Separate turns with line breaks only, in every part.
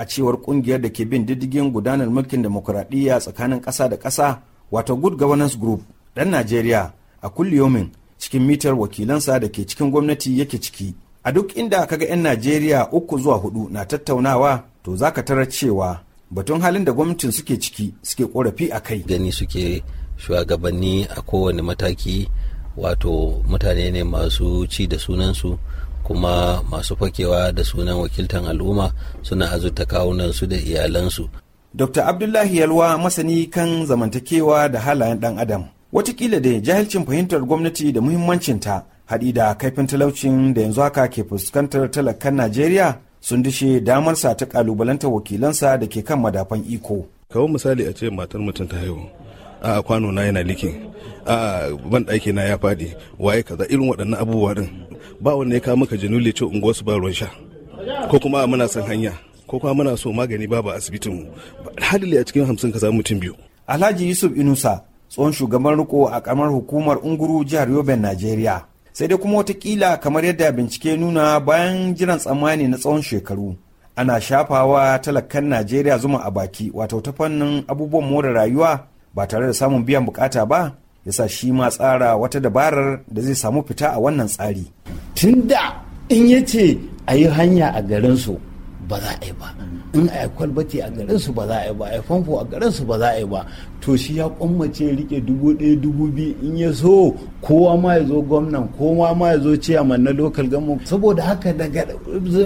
a cewar kungiyar da ke bin diddigin gudanar mulkin demokuraɗiyya tsakanin ƙasa da ƙasa wato good governance group ɗan najeriya a kulliyomin cikin mitar wakilansa da ke cikin gwamnati yake ciki a duk inda ka ga 'yan najeriya uku zuwa hudu na tattaunawa to za ka tarar cewa batun halin da gwamnatin suke ciki suke korafi a kai gani suke shugabanni a kowane mataki wato mutane ne masu ci da sunansu kuma masu fakewa da sunan wakiltan al'umma suna azurta kawunan su da iyalansu. Dr. Abdullahi Yalwa masani kan zamantakewa da halayen ɗan adam. Watakila da jahilcin fahimtar gwamnati da muhimmancinta haɗi da kaifin talaucin da yanzu haka ke fuskantar talakan Najeriya sun dushe damarsa ta ƙalubalantar wakilansa da ke kan madafan iko. Kawo misali a ce matar mutum ta haihu. a kwano na yana likin a ban ɗaki na ya faɗi waye kaza irin waɗannan abubuwa din ba wanda ya kawo maka ya ce unguwar su ba ruwan sha ko kuma muna son hanya ko kuma muna so magani ba ba asibitin mu halili a cikin hamsin ka samu mutum biyu alhaji yusuf inusa tsohon shugaban riko a kamar hukumar unguru jihar yoben najeriya sai dai kuma watakila kamar yadda bincike nuna bayan jiran tsammani na tsawon shekaru ana shafawa talakan najeriya zuma a baki wato ta fannin abubuwan more rayuwa ba tare da samun biyan bukata ba yasa shi ma tsara wata dabarar da zai samu fita a wannan tsari
tun da in ya ce a yi hanya a garinsu ba za a yi ba in a yi kwalbati a garinsu ba za a yi ba a yi famfo a garinsu ba za a yi ba to shi ya kwammace rike dubu ɗaya dubu biyu in ya so kowa ma ya zo gwamnan kowa ma ya zo ciyaman na lokal gama saboda haka daga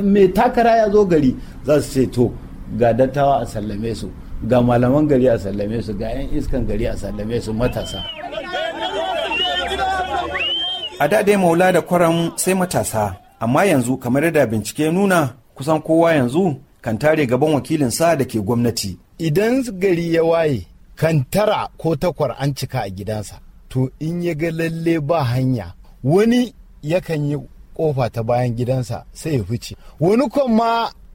mai takara ya zo gari za su ce to ga dattawa a sallame su ga malaman gari a sallame su ga 'yan iskan gari a sallame su matasa A da dai maula da kwaram
sai matasa, amma yanzu kamar da bincike nuna kusan kowa yanzu kan tare
gaban wakilin sa da ke gwamnati. Idan gari ya waye, kan tara ko takwar an cika a gidansa, to in ya ga lalle ba hanya, wani yakan yi kofa ta bayan gidansa sai ya fice. Wani kwan ma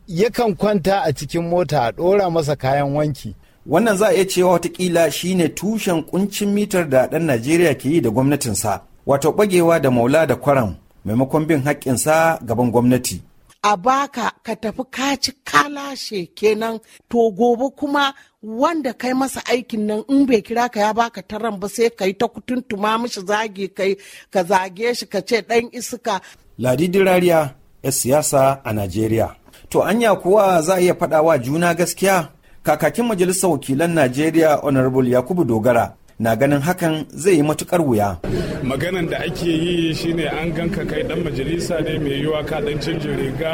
yakan kwanta a cikin mota a ɗora masa kayan wanki. Wannan za a iya cewa watakila shine tushen
kuncin mitar da ɗan Najeriya ke yi da gwamnatinsa. wato Ɓagewa da maula da kwaram maimakon bin haƙƙinsa gaban gwamnati
a baka ka tafi kaci kalashe kenan to gobe kuma wanda kai masa aikin nan in bai kira ka ya baka taran ba sai ka yi ta kutuntuma mishi zage kai ka zage shi ka ce ɗan iska
ladidi rariya ya siyasa a najeriya to anya kuwa za a iya faɗawa juna gaskiya kakakin majalisar wakilan najeriya honorable yakubu dogara na ganin hakan zai yi matukar wuya.
Maganan da ake yi shine an ganka kai dan majalisa ne mai yiwa ka dan canja riga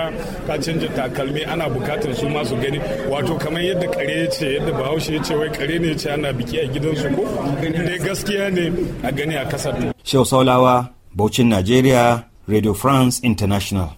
ka canja takalmi ana bukatar su masu gani wato kamar yadda kare ce yadda bahaushe ya ce wai kare ne ce ana biki a gidansu ko dai gaskiya ne a gani a kasar.
Shehu Saulawa, Bauchin nigeria Radio France International.